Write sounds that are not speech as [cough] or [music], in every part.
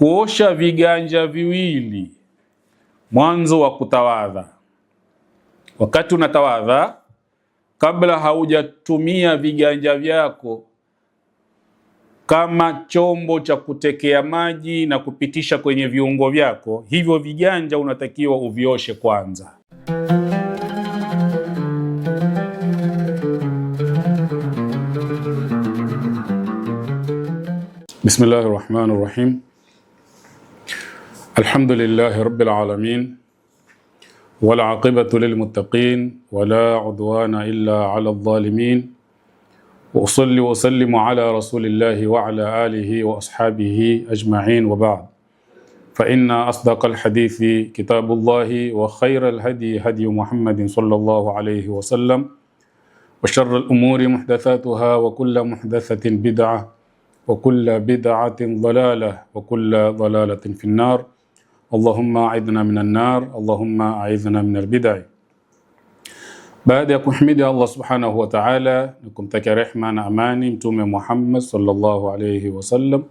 kuosha viganja viwili mwanzo wa kutawadha. Wakati unatawadha, kabla haujatumia viganja vyako kama chombo cha kutekea maji na kupitisha kwenye viungo vyako, hivyo viganja unatakiwa uvioshe kwanza. Bismillahir Rahim الحمد لله رب العالمين والعاقبة للمتقين ولا عدوان إلا على الظالمين وأصلي وأسلم على رسول الله وعلى آله وأصحابه أجمعين وبعد فإن أصدق الحديث كتاب الله وخير الهدي هدي محمد صلى الله عليه وسلم وشر الأمور محدثاتها وكل محدثة بدعة وكل بدعة ضلالة وكل ضلالة في النار Allahumma aidhna min nar, Allahumma aidhna min albidai Baada ya kumhimidi Allah subhanahu wa ta'ala na kumtakia rehma na amani Mtume Muhammad sallallahu alayhi wasallam,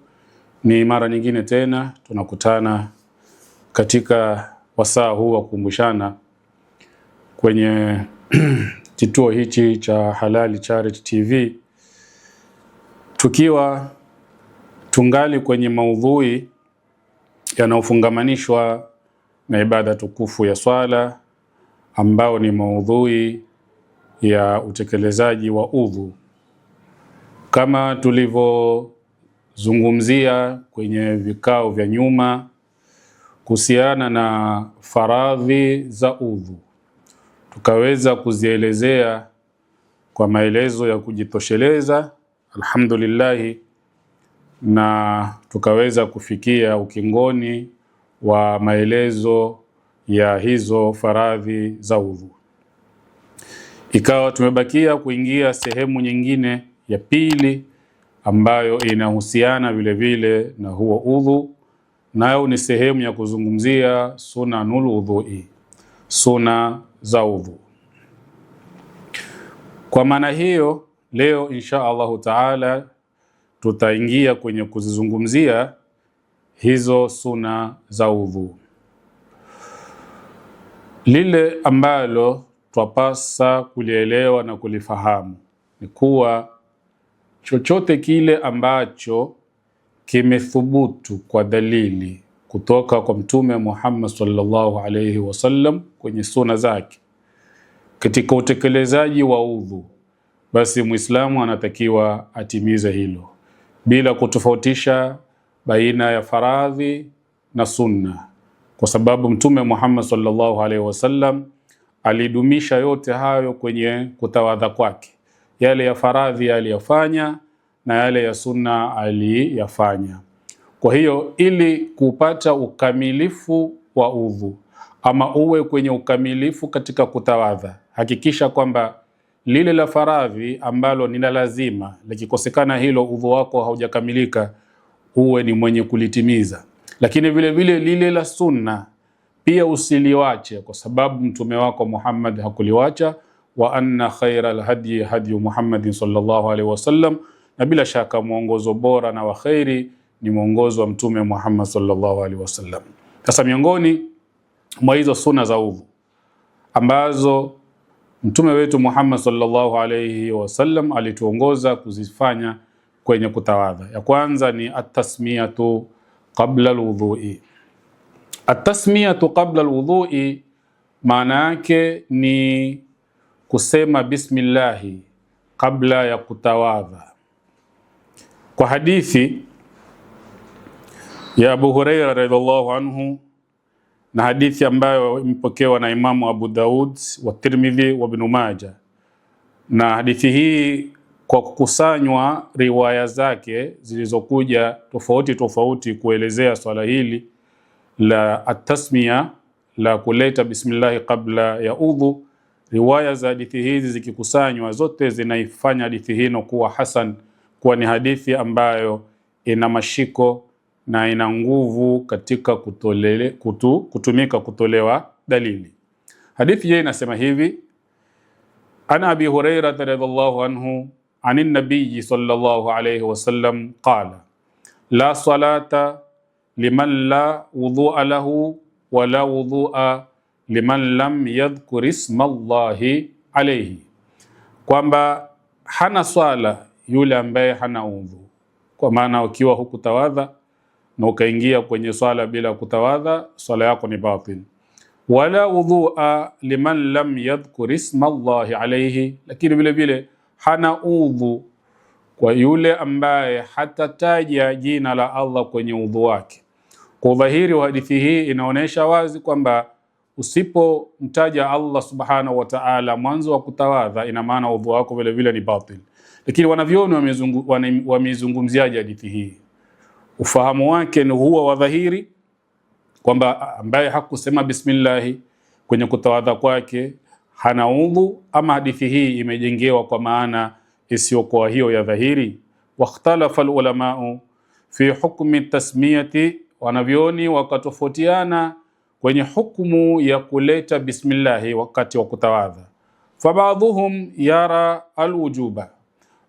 ni mara nyingine tena tunakutana katika wasaa huu wa kukumbushana kwenye [clears throat] kituo hichi cha Halali Charity TV tukiwa tungali kwenye maudhui yanayofungamanishwa na ibada tukufu ya swala ambao ni maudhui ya utekelezaji wa udhu kama tulivyozungumzia kwenye vikao vya nyuma kuhusiana na faradhi za udhu, tukaweza kuzielezea kwa maelezo ya kujitosheleza. Alhamdulillahi na tukaweza kufikia ukingoni wa maelezo ya hizo faradhi za udhu. Ikawa tumebakia kuingia sehemu nyingine ya pili ambayo inahusiana vile vile na huo udhu, nayo ni sehemu ya kuzungumzia sunanul udhui, suna za udhu. Kwa maana hiyo leo insha Allahu taala tutaingia kwenye kuzizungumzia hizo suna za udhu. Lile ambalo twapasa kulielewa na kulifahamu ni kuwa chochote kile ambacho kimethubutu kwa dalili kutoka kwa Mtume Muhammad sallallahu alaihi wasallam kwenye suna zake katika utekelezaji wa udhu, basi Muislamu anatakiwa atimize hilo bila kutofautisha baina ya faradhi na sunna, kwa sababu Mtume Muhammad sallallahu alaihi wasallam alidumisha yote hayo kwenye kutawadha kwake. Yale ya faradhi aliyafanya na yale ya sunna aliyafanya. Kwa hiyo ili kupata ukamilifu wa udhu ama uwe kwenye ukamilifu katika kutawadha, hakikisha kwamba lile la faradhi ambalo ni la lazima, likikosekana hilo udhu wako haujakamilika, uwe ni mwenye kulitimiza. Lakini vile vile lile la sunna pia usiliwache, kwa sababu mtume wako Muhammad hakuliwacha, wa anna khaira alhadi hadyu Muhammadin sallallahu alaihi wasallam, na bila shaka mwongozo bora na wa khairi ni mwongozo wa mtume Muhammad sallallahu alaihi wasallam. Sasa miongoni mwa hizo sunna za udhu ambazo Mtume wetu Muhammad sallallahu alayhi wasallam alituongoza kuzifanya kwenye kutawadha. Ya kwanza ni atasmiyatu qabla alwudhui. Atasmiyatu qabla alwudhui maana yake ni kusema bismillahi kabla ya kutawadha. Kwa hadithi ya Abu Huraira radhiallahu anhu na hadithi ambayo imepokewa na Imamu Abu Daud wa Tirmidhi wa Ibn Majah, na hadithi hii kwa kukusanywa riwaya zake zilizokuja tofauti tofauti kuelezea swala hili la atasmia la kuleta bismillahi kabla ya udhu. Riwaya za hadithi hizi zikikusanywa zote zinaifanya hadithi hino kuwa hasan, kuwa ni hadithi ambayo ina mashiko na ina nguvu katika kutolele, kutu, kutumika kutolewa dalili. Hadithi hii inasema hivi: ana abi huraira radhiallahu anhu ani nabiyi sallallahu alayhi wasallam qala la salata liman la wudhua lahu wala wudhua liman lam yadhkur isma Allahi alayhi, kwamba hana swala yule ambaye hana udhu. Kwa maana ukiwa hukutawadha na ukaingia kwenye swala bila kutawadha, swala yako ni batil. Wala wudhua liman lam yadhkur isma Allahi alayhi, lakini vile vile hana udhu kwa yule ambaye hatataja jina la Allah kwenye udhu wake. Kwa udhahiri wa hadithi hii inaonyesha wazi kwamba usipomtaja Allah subhanahu wa ta'ala mwanzo wa kutawadha, ina maana udhu wako vile vile ni batil. Lakini wanavyoni wameizungumziaje hadithi hii? ufahamu wake ni huwa wa dhahiri kwamba ambaye hakusema bismillahi kwenye kutawadha kwake hana udhu, ama hadithi hii imejengewa kwa maana isiyokuwa hiyo ya dhahiri. Wakhtalafa lulamau fi hukmi tasmiyati, wanavyoni wakatofautiana kwenye hukumu ya kuleta bismillahi wakati wa kutawadha. Fabaadhuhum yara alwujuba,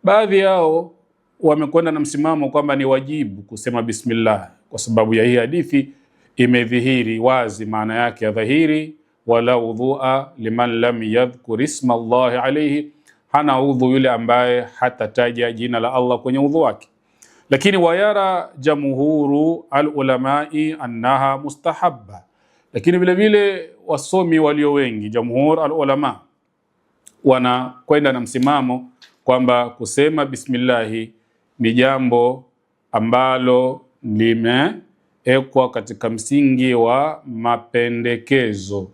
baadhi yao wamekwenda na msimamo kwamba ni wajibu kusema bismillah, kwa sababu ya hii hadithi imedhihiri wazi maana yake ya dhahiri, wala udhua liman lam yadhkur isma Allahi alayhi, hana udhu yule ambaye hatataja jina la Allah kwenye udhu wake. Lakini wayara jamhuru alulamai annaha mustahabba, lakini vile vile wasomi walio wengi jamhur alulama wanakwenda na msimamo kwamba kusema bismillahi ni jambo ambalo limewekwa katika msingi wa mapendekezo,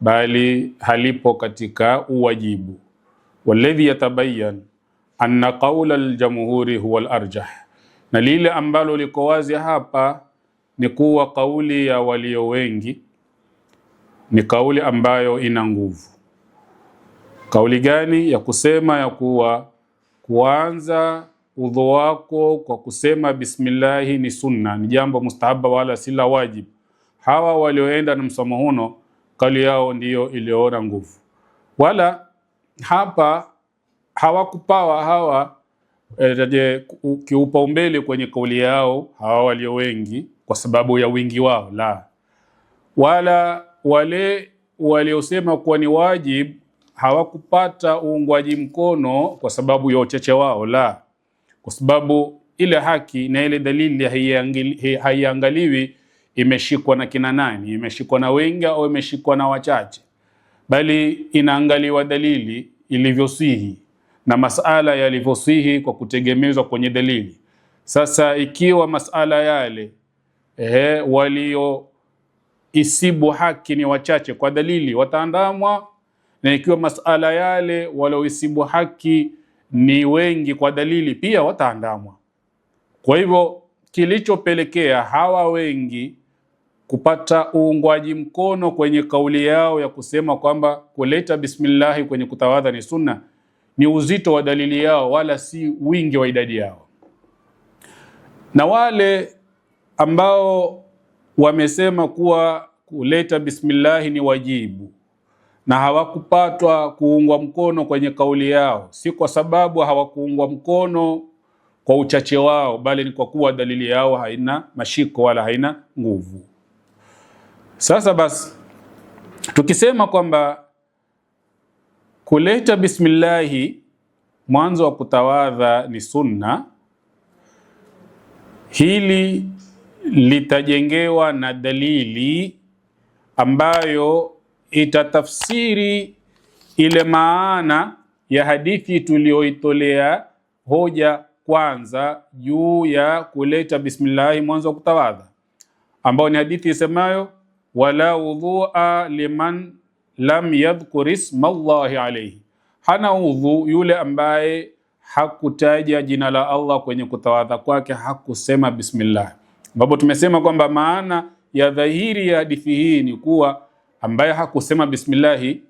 bali halipo katika uwajibu. Walladhi yatabayan anna qaula aljamhuri huwa alarjah, na lile ambalo liko wazi hapa ni kuwa kauli ya walio wengi ni kauli ambayo ina nguvu. Kauli gani? Ya kusema ya kuwa kuanza udho wako kwa kusema bismillahi ni sunna, ni jambo mustahaba, wala si la wajibu. Hawa walioenda na msomo huno kauli yao ndiyo iliyoona nguvu, wala hapa hawakupawa hawa e, kiupaumbele kwenye kauli yao hawa walio wengi kwa sababu ya wingi wao, la wala wale waliosema kuwa ni wajibu hawakupata uungwaji mkono kwa sababu ya ucheche wao, la kwa sababu ile haki na ile dalili haiangaliwi imeshikwa na kina nani, imeshikwa na wengi au imeshikwa na wachache, bali inaangaliwa dalili ilivyosihi na masala yalivyosihi kwa kutegemezwa kwenye dalili. Sasa ikiwa masala yale ehe, isibu haki ni wachache kwa dalili, wataandamwa, na ikiwa masala yale walioisibu haki ni wengi kwa dalili pia wataandamwa. Kwa hivyo kilichopelekea hawa wengi kupata uungwaji mkono kwenye kauli yao ya kusema kwamba kuleta bismillahi kwenye kutawadha ni sunna ni uzito wa dalili yao, wala si wingi wa idadi yao. Na wale ambao wamesema kuwa kuleta bismillahi ni wajibu na hawakupatwa kuungwa mkono kwenye kauli yao, si kwa sababu hawakuungwa mkono kwa uchache wao, bali ni kwa kuwa dalili yao haina mashiko wala haina nguvu. Sasa basi, tukisema kwamba kuleta bismillahi mwanzo wa kutawadha ni sunna, hili litajengewa na dalili ambayo itatafsiri ile maana ya hadithi tuliyoitolea hoja kwanza juu ya kuleta bismillahi mwanzo wa kutawadha, ambayo ni hadithi isemayo wala wudhua liman lam yadhkur isma alayhi, hana udhu yule ambaye hakutaja jina la Allah kwenye kutawadha kwake, hakusema bismillah. Ambapo tumesema kwamba maana ya dhahiri ya hadithi hii ni kuwa ambaye hakusema bismillahi,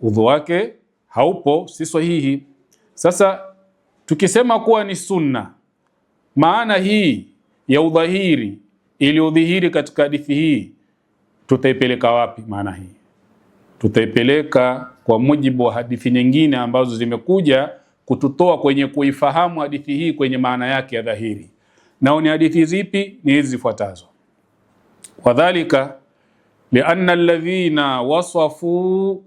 udhu wake haupo, si sahihi. Sasa tukisema kuwa ni sunna, maana hii ya udhahiri iliyodhihiri katika hadithi hii, tutaipeleka wapi? Maana hii tutaipeleka kwa mujibu wa hadithi nyingine ambazo zimekuja kututoa kwenye kuifahamu hadithi hii kwenye maana yake ya dhahiri. Nao ni hadithi zipi? Ni hizi zifuatazo: wadhalika lianna alladhina wasafu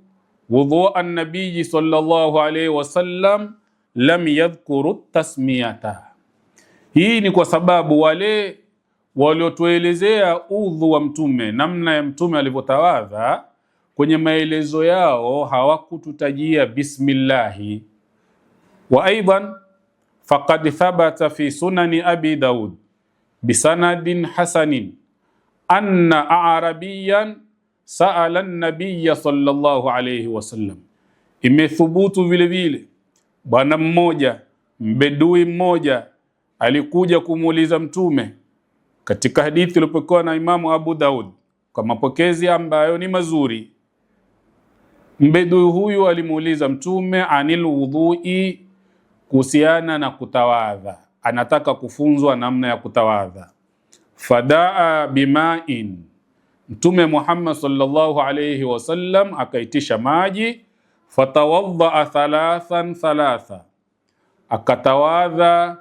wudhua nabiyi sallallahu alaihi wasallam lam yadhkuru tasmiyata. Hii ni kwa sababu wale waliotuelezea udhu wa mtume, namna ya mtume alivyotawadha, kwenye maelezo yao hawakututajia bismillahi. Wa aidan faqad thabata fi sunani abi daud bisanadin hasanin anna arabiyan saala nabiya sallallahu alayhi wasallam. Imethubutu vile vile bwana mmoja mbedui mmoja alikuja kumuuliza Mtume katika hadithi iliyopokewa na Imamu Abu Daud kwa mapokezi ambayo ni mazuri. Mbedui huyu alimuuliza Mtume anil wudhui, kuhusiana na kutawadha, anataka kufunzwa namna ya kutawadha fadaa bimain, Mtume Muhammad sallallahu alayhi wasallam akaitisha maji. Fatawadhaa thalathan thalatha, akatawadha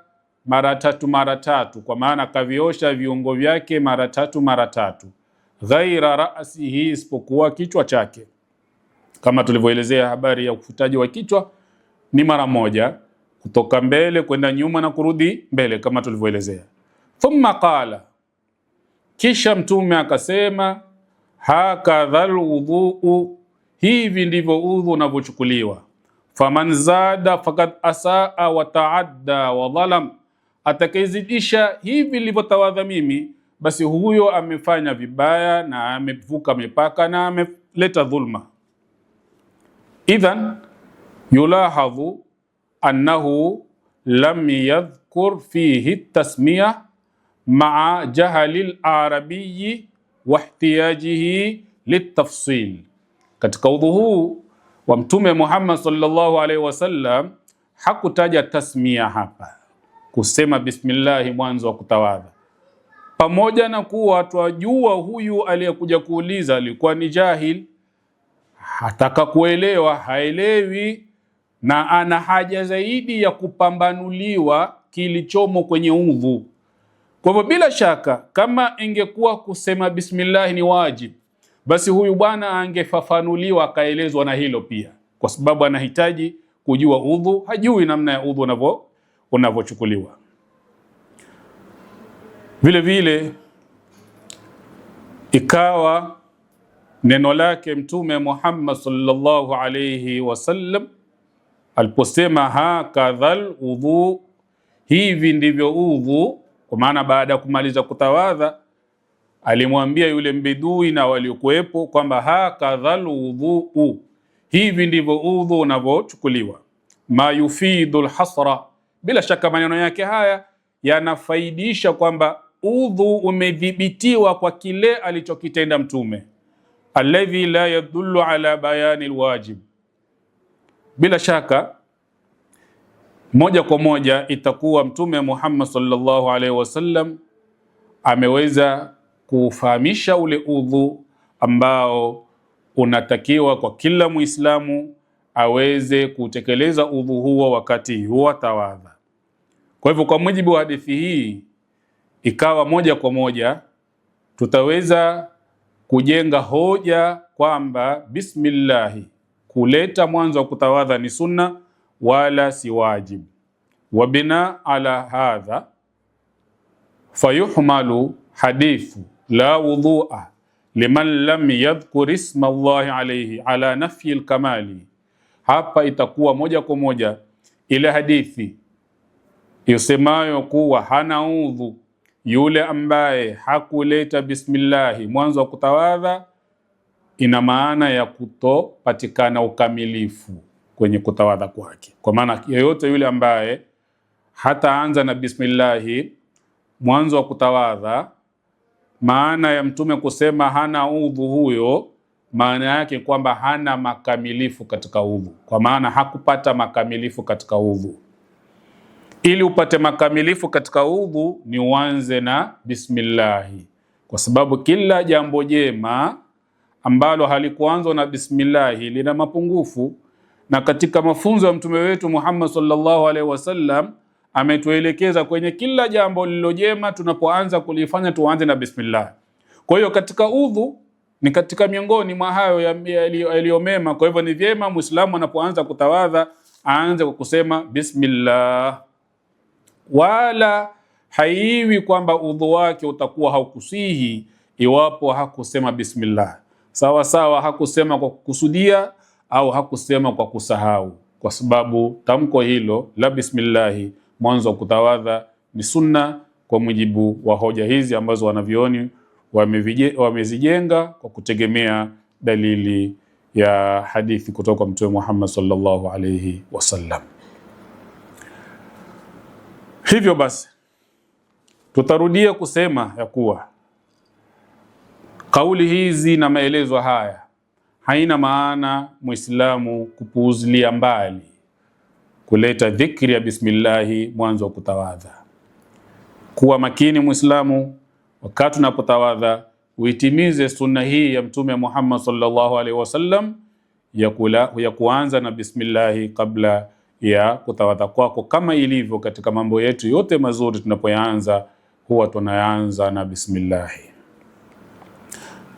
mara tatu mara tatu, kwa maana akaviosha viungo vyake mara tatu mara tatu. Ghaira rasihi, isipokuwa kichwa chake. Kama tulivyoelezea habari ya ufutaji wa kichwa ni mara moja, kutoka mbele kwenda nyuma na kurudi mbele, kama tulivyoelezea. Thumma qala kisha Mtume akasema hakadha lwudhuu, hivi ndivyo udhu unavyochukuliwa. Faman zada fakad asaa wataadda wadhalam, atakayezidisha hivi nilivyotawadha mimi, basi huyo amefanya vibaya na amevuka mipaka na ameleta dhulma. Idhan yulahadhu annahu lam yadhkur fihi tasmiya maa jahali larabiyi wa ihtiyajihi litafsil. Katika udhu huu wa Mtume Muhammad sallallahu alaihi wasallam hakutaja tasmia hapa, kusema bismillahi mwanzo wa kutawadha, pamoja na kuwa twajua huyu aliyekuja kuuliza alikuwa ni jahil, hataka kuelewa, haelewi na ana haja zaidi ya kupambanuliwa kilichomo kwenye udhu kwa hivyo bila shaka kama ingekuwa kusema bismillah ni wajibu, basi huyu bwana angefafanuliwa akaelezwa na hilo pia, kwa sababu anahitaji kujua udhu, hajui namna ya udhu unavyo unavyochukuliwa. Vile vile ikawa neno lake Mtume Muhammad sallallahu alayhi wasallam aliposema hakadhal udhu, hivi ndivyo udhu kwa maana baada ya kumaliza kutawadha alimwambia yule mbidui na waliokuwepo kwamba hakadha lwudhuu hivi ndivyo udhu unavyochukuliwa. yufidu lhasra, bila shaka maneno yake haya yanafaidisha kwamba udhu umedhibitiwa kwa kile alichokitenda Mtume, alladhi la yadullu ala bayani lwajib. Bila shaka moja kwa moja itakuwa Mtume Muhammad sallallahu alaihi wasallam ameweza kufahamisha ule udhu ambao unatakiwa kwa kila Muislamu aweze kutekeleza udhu huo wakati huwa tawadha. Kwa hivyo, kwa mujibu wa hadithi hii, ikawa moja kwa moja tutaweza kujenga hoja kwamba bismillahi kuleta mwanzo wa kutawadha ni sunna wala si wajib. Wa bina ala hadha fayuhmalu hadithu la wudhua liman lam yadhkur isma Allahi alayhi ala nafyi lkamali. Hapa itakuwa moja kwa moja ile hadithi yosemayo kuwa hana udhu yule ambaye hakuleta bismillahi mwanzo wa kutawadha, ina maana ya kutopatikana ukamilifu kwenye kutawadha kwake. Kwa maana yeyote yule ambaye hataanza na bismillahi mwanzo wa kutawadha, maana ya Mtume kusema hana udhu huyo, maana yake kwamba hana makamilifu katika udhu, kwa maana hakupata makamilifu katika udhu. Ili upate makamilifu katika udhu ni uanze na bismillahi, kwa sababu kila jambo jema ambalo halikuanzwa na bismillahi lina mapungufu. Na katika mafunzo ya mtume wetu Muhammad sallallahu alaihi wasallam ametuelekeza kwenye kila jambo lililojema, tunapoanza kulifanya tuanze na bismillah. Kwa hiyo katika udhu ni katika miongoni mwa hayo yaliyomema. Kwa hivyo ni vyema Muislamu anapoanza kutawadha aanze kwa kusema bismillah, wala haiwi kwamba udhu wake utakuwa haukusihi iwapo hakusema bismillah. Sawa sawa, hakusema kwa kukusudia au hakusema kwa kusahau, kwa sababu tamko hilo la bismillahi mwanzo wa kutawadha ni sunna kwa mujibu wa hoja hizi ambazo wanavyoni wamezijenga kwa kutegemea dalili ya hadithi kutoka kwa Mtume Muhammad sallallahu alayhi wasallam. Hivyo basi tutarudia kusema ya kuwa kauli hizi na maelezo haya haina maana Muislamu kupuuzilia mbali kuleta dhikri ya bismillahi mwanzo wa kutawadha. Kuwa makini Muislamu wakati unapotawadha, uitimize sunna hii ya Mtume Muhammad sallallahu alaihi wasallam ya, kula, ya kuanza na bismillahi kabla ya kutawadha kwako, kama ilivyo katika mambo yetu yote mazuri tunapoyaanza huwa tunaanza na bismillahi.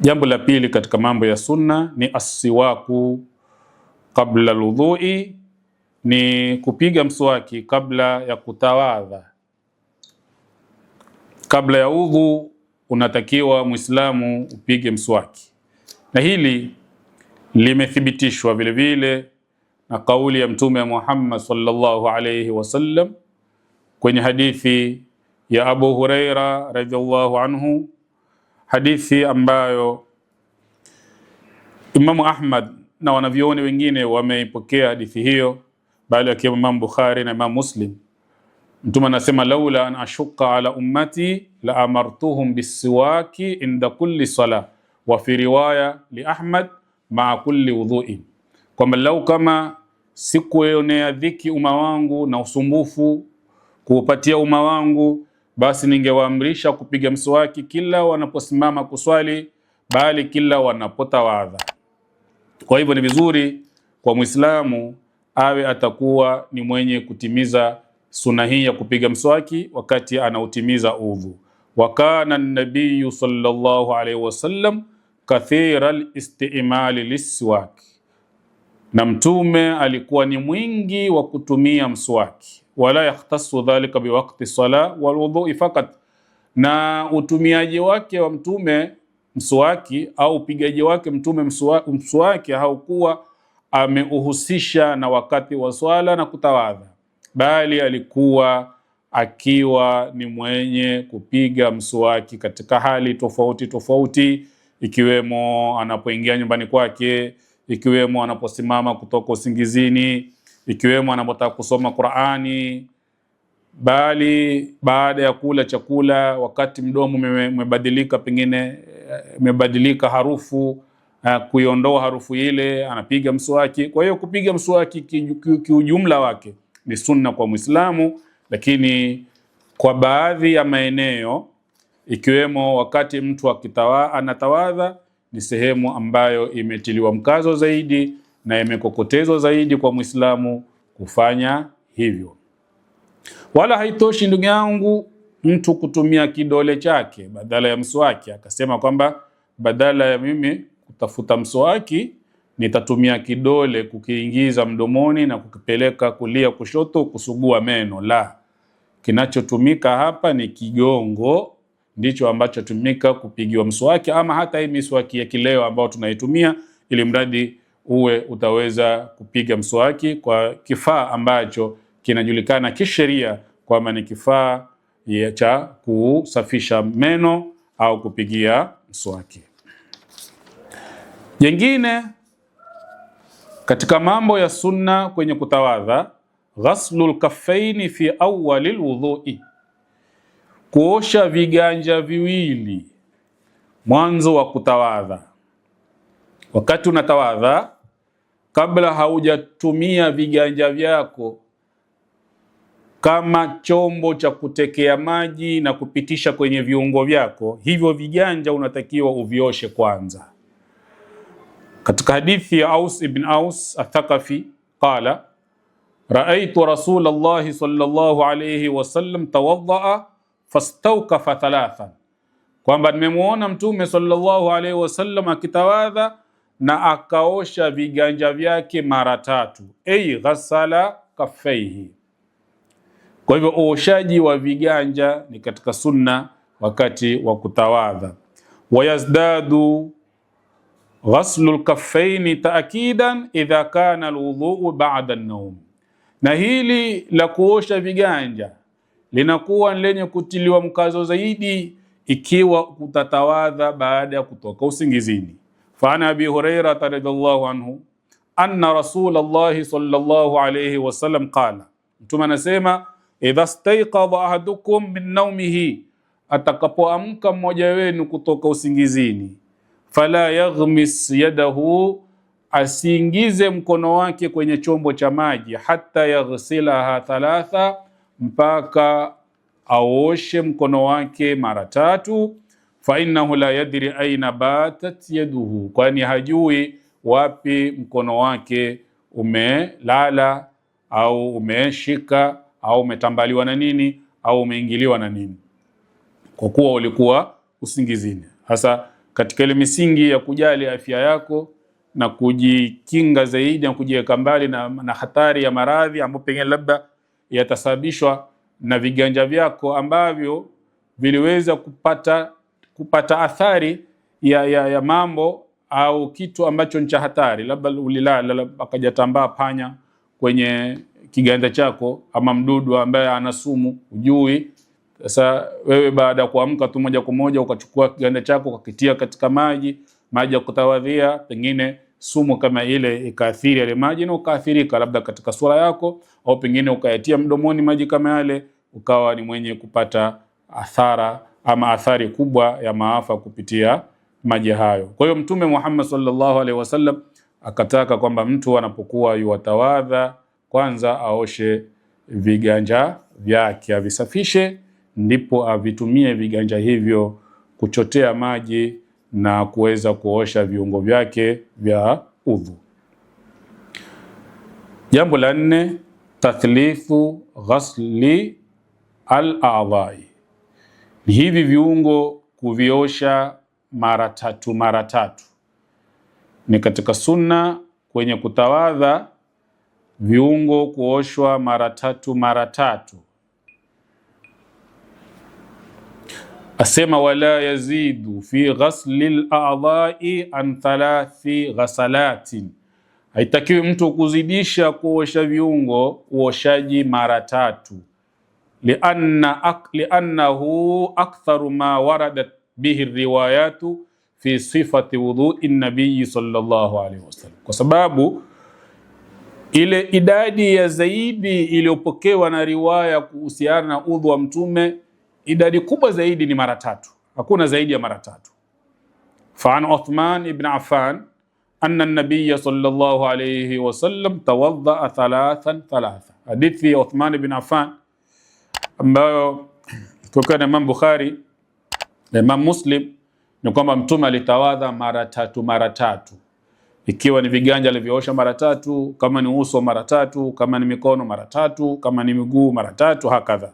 Jambo la pili katika mambo ya sunna ni asiwaku kabla ludhui, ni kupiga mswaki kabla ya kutawadha. Kabla ya udhu, unatakiwa Muislamu upige mswaki, na hili limethibitishwa vile vile na kauli ya Mtume Muhammad sallallahu alayhi wasallam kwenye hadithi ya Abu Huraira radhiallahu anhu hadithi ambayo Imamu Ahmad na wanavyoni wengine wameipokea hadithi hiyo, bali akiwemo Imamu Bukhari na Imamu Muslim. Mtume anasema laula an ashuqa ala ummati la amartuhum bisiwaki inda kulli sala, wa fi riwaya li Ahmad maa kulli wudhui kwamba lau kama sikuonea dhiki umma wangu na usumbufu kuupatia umma wangu basi ningewaamrisha kupiga mswaki kila wanaposimama kuswali, bali kila wanapotawadha. Kwa hivyo ni vizuri kwa Muislamu awe atakuwa ni mwenye kutimiza suna hii ya kupiga mswaki wakati anautimiza udhu. Wa kana nabiyu sallallahu alaihi wasallam kathira listimali liswaki, na Mtume alikuwa ni mwingi wa kutumia mswaki wala yahtasu dhalika biwakti sala walwudhui fakat, na utumiaji wake wa mtume mswaki au upigaji wake mtume mswaki haukuwa ameuhusisha na wakati wa swala na kutawadha, bali alikuwa akiwa ni mwenye kupiga mswaki katika hali tofauti tofauti, ikiwemo anapoingia nyumbani kwake, ikiwemo anaposimama kutoka usingizini ikiwemo anapotaka kusoma Qur'ani, bali baada ya kula chakula, wakati mdomo umebadilika, pengine eh, umebadilika harufu, eh, kuiondoa harufu ile, anapiga mswaki. Kwa hiyo kupiga mswaki kiujumla wake ni sunna kwa Muislamu, lakini kwa baadhi ya maeneo ikiwemo wakati mtu akitawa, anatawadha ni sehemu ambayo imetiliwa mkazo zaidi na imekokotezwa zaidi kwa Muislamu kufanya hivyo. Wala haitoshi ndugu yangu mtu kutumia kidole chake badala ya mswaki, akasema kwamba badala ya mimi kutafuta mswaki nitatumia kidole kukiingiza mdomoni na kukipeleka kulia kushoto kusugua meno. La, kinachotumika hapa ni kigongo, ndicho ambacho tumika kupigiwa mswaki, ama hata hii miswaki ya kileo ambayo tunaitumia ili mradi uwe utaweza kupiga mswaki kwa kifaa ambacho kinajulikana kisheria kwamba ni kifaa cha kusafisha meno au kupigia mswaki. Jengine katika mambo ya sunna kwenye kutawadha, ghaslul kaffaini fi awwalil wudhui, kuosha viganja viwili mwanzo wa kutawadha. Wakati unatawadha kabla haujatumia viganja vyako kama chombo cha kutekea maji na kupitisha kwenye viungo vyako, hivyo viganja unatakiwa uvioshe kwanza. Katika hadithi ya Aus ibn Aus Athaqafi qala raaitu rasula llahi sallallahu alayhi wasallam tawaddaa fastawkafa thalathan, kwamba nimemwona Mtume sallallahu alayhi wasallam akitawadha na akaosha viganja vyake mara tatu, ay ghasala kafaihi Kwa hivyo uoshaji wa viganja ni katika sunna wakati wa kutawadha. Wayazdadu ghaslu lkaffaini taakidan idha kana lwudhuu ba'da an na hili la kuosha viganja linakuwa lenye kutiliwa mkazo zaidi ikiwa utatawadha baada ya kutoka usingizini. فعن ابي هريره رضي الله عنه ان رسول الله صلى الله عليه وسلم قال Mtume anasema idha staiqadha ahadukum min naumihi, atakapoamka mmoja wenu kutoka usingizini, fala yaghmis yadahu, asiingize mkono wake kwenye chombo cha maji, hata yaghsilaha thalatha, mpaka aoshe mkono wake mara tatu fa innahu la yadri aina batat yaduhu, kwani hajui wapi mkono wake umelala au umeshika au umetambaliwa na nini au umeingiliwa na nini, kwa kuwa ulikuwa usingizini. Hasa katika ile misingi ya kujali afya yako na kujikinga zaidi na kujiweka mbali na, na hatari ya maradhi ambayo pengine labda yatasababishwa na viganja vyako ambavyo viliweza kupata kupata athari ya, ya, ya mambo au kitu ambacho ni cha hatari, labda ulilala akajatambaa panya kwenye kiganja chako ama mdudu ambaye ana sumu ujui. Sasa wewe baada ya kuamka tu moja kwa moja ukachukua kiganja chako ukakitia katika maji, maji ya kutawadhia, pengine sumu kama ile ikaathiri yale maji na ukaathirika, labda katika sura yako, au pengine ukayatia mdomoni maji kama yale, ukawa ni mwenye kupata athara ama athari kubwa ya maafa kupitia maji hayo. Kwa hiyo Mtume Muhammad sallallahu alaihi wasallam akataka kwamba mtu anapokuwa yuwatawadha kwanza aoshe viganja vyake, avisafishe, ndipo avitumie viganja hivyo kuchotea maji na kuweza kuosha viungo vyake vya udhu. Jambo la nne, tathlifu ghasli al-a'dha'i hivi viungo kuviosha mara tatu mara tatu ni katika sunna. Kwenye kutawadha viungo kuoshwa mara tatu mara tatu. Asema wala yazidu fi ghasli ladai an thalathi ghasalatin, haitakiwi mtu kuzidisha kuosha viungo uoshaji mara tatu. لأن أك... لأنه أكثر ما وردت به الروايات في صفة وضوء النبي صلى الله عليه وسلم وسبب إلى إدادي يا زيدي إلى أبوكي وانا رواية كوسيانا أوضو أمتومة إدادي كوبا زيدي نمارتاتو أكون زيدي مرتاتو فعن عثمان بن عفان أن النبي صلى الله عليه وسلم توضأ ثلاثا ثلاثا حديث في عثمان بن عفان ambayo kutokana na Imam Bukhari na Imam Muslim ni kwamba Mtume alitawadha mara tatu mara tatu, ikiwa ni viganja alivyoosha mara tatu, kama ni uso mara tatu, kama ni mikono mara tatu, kama ni miguu mara tatu, hakadha.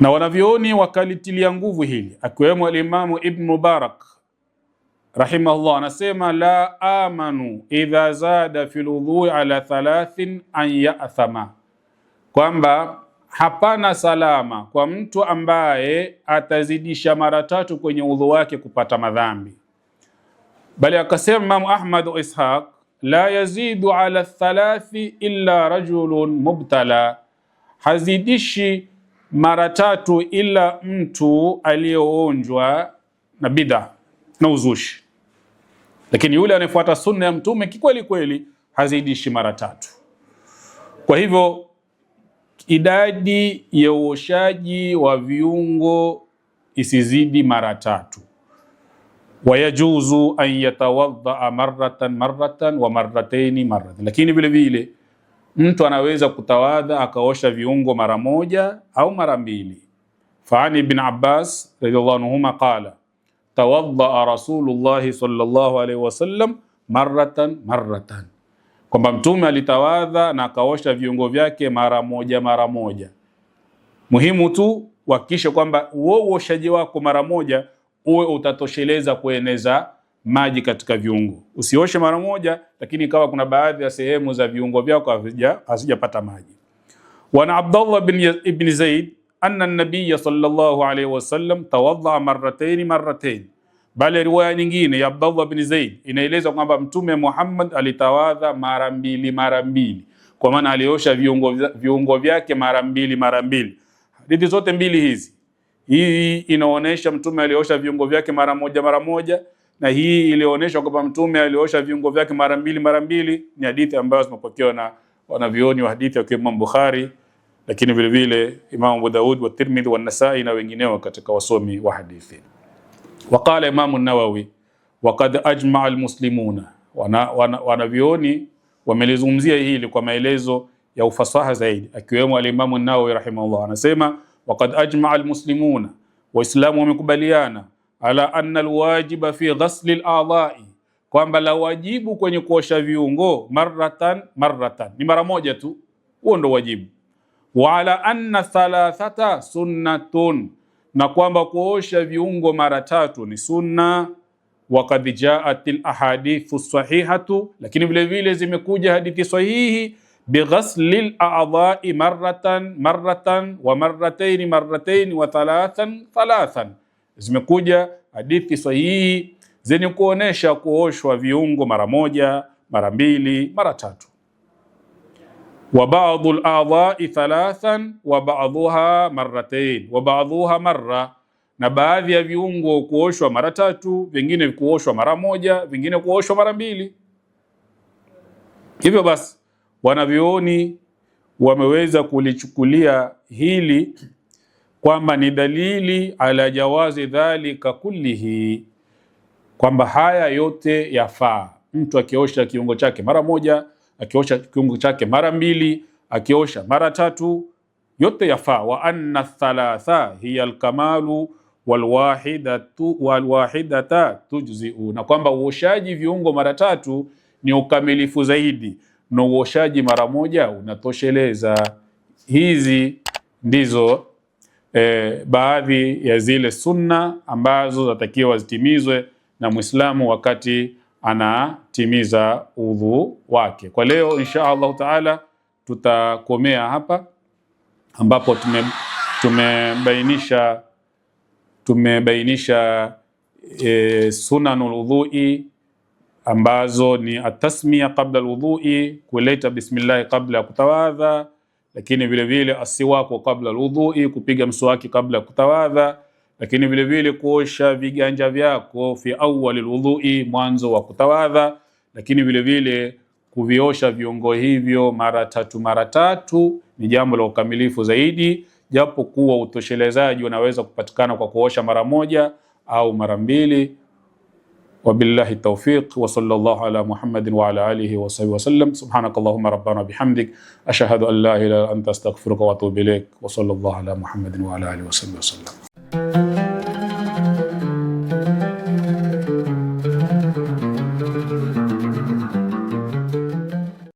Na wanavyoni wakalitilia nguvu hili, akiwemo alimamu Ibn Mubarak rahimahullah, anasema la amanu idha zada fi lwudhui ala thalathin an yathama kwamba hapana salama kwa mtu ambaye atazidisha mara tatu kwenye udhu wake kupata madhambi, bali akasema Imamu Ahmad wa Ishaq, la yazidu ala thalathi illa rajulun mubtala, hazidishi mara tatu ila mtu aliyeonjwa na bidha na uzushi. Lakini yule anayefuata sunna ya Mtume kikweli kweli hazidishi mara tatu. Kwa hivyo idadi ya uoshaji wa viungo isizidi mara tatu. Wayajuzu an yatawaddaa maratan maratan wa marataini maratan, lakini vile vile mtu anaweza kutawadha akaosha viungo mara moja au mara mbili. Faani Ibn Abbas radhiallahu anhuma qala tawaddaa Rasulullahi sallallahu alayhi wasallam maratan maratan kwamba Mtume alitawadha na akaosha viungo vyake mara moja mara moja. Muhimu tu uhakikishe kwamba uo uoshaji wako mara moja uwe utatosheleza kueneza maji katika viungo. Usioshe mara moja, lakini ikawa kuna baadhi ya sehemu za viungo vyako hazijapata maji. Wana Abdullah bin ibn Zaid anna nabiy sallallahu alayhi wasallam tawadda marratayn marratayn Bali riwaya nyingine ya Abdullah bin Zaid inaeleza kwamba Mtume Muhammad alitawadha mara mbili mara mbili, kwa maana aliosha viungo, viungo vyake mara mbili mara mbili. Hadithi zote mbili hizi, hii inaonesha Mtume aliosha viungo vyake mara moja mara moja, na hii ilionyesha kwamba Mtume aliosha viungo vyake mara mbili mara mbili. Ni hadithi ambazo zimepokewa na wanavyoni wa hadithi wakiwemo Imam Bukhari, lakini vile vile Imam Abu Daud wa Tirmidhi wa Nasai na wengineo katika wasomi wa hadithi. Waqala Imamu Nawawi, waqad ajmaa almuslimuna, wanavyoni wana, wana wamelizungumzia hili kwa maelezo ya ufasaha zaidi, akiwemo alimamu Nawawi rahimahullah, anasema waqad ajmaa almuslimuna, Waislamu wamekubaliana ala anna alwajiba fi ghasli aladhai, kwamba la wajibu kwenye kuosha viungo maratan maratan, ni mara moja tu, huo ndo wajibu. Wa ala anna thalathata sunnatun na kwamba kuosha viungo mara tatu ni sunna Waqad jaatil ahadithu sahihatu, lakini vile vile zimekuja hadithi sahihi bighasli a'dha'i marratan marratan wa marratayn marratayn wa thalathan thalathan, zimekuja hadithi sahihi zenye kuonesha kuoshwa viungo mara moja mara mbili mara tatu wa ba'dhu al-a'dha'i thalathan wa ba'dhuha marratayn wa ba'dhuha marra, na baadhi ya viungo kuoshwa mara tatu, vingine kuoshwa mara moja, vingine kuoshwa mara mbili. Hivyo basi wanavyooni wameweza kulichukulia hili kwamba ni dalili ala jawazi dhalika kullihi, kwamba haya yote yafaa mtu akiosha kiungo chake mara moja akiosha kiungo chake mara mbili, akiosha mara tatu, yote yafaa. Wa anna thalatha hiya alkamalu walwahidatu walwahidata tujziu, na kwamba uoshaji viungo mara tatu ni ukamilifu zaidi na uoshaji mara moja unatosheleza. Hizi ndizo e, baadhi ya zile sunna ambazo zatakiwa zitimizwe na Muislamu wakati anatimiza udhu wake. Kwa leo insha Allahu taala tutakomea hapa ambapo tumebainisha tumebainisha e, sunanul udhui ambazo ni atasmia qabla alwudhui, kuleta bismillah kabla ya kutawadha, lakini vilevile asiwako kabla alwudhui, kupiga mswaki kabla ya kutawadha lakini vilevile kuosha viganja vyako fi awali lwudhui, mwanzo wa kutawadha, lakini vilevile kuviosha viungo hivyo mara tatu mara tatu ni jambo la ukamilifu zaidi, japo kuwa utoshelezaji unaweza kupatikana kwa kuosha mara moja au mara mbili. Wabillahi tawfiq wa sallallahu ala Muhammadin wa ala alihi wa sahbihi wa wasallam. Subhanakallahumma rabbana bihamdik ashhadu an la ilaha illa anta astaghfiruka wa atubu ilaik wa sallallahu ala Muhammadin wa ala alihi wa sahbihi wa sallam.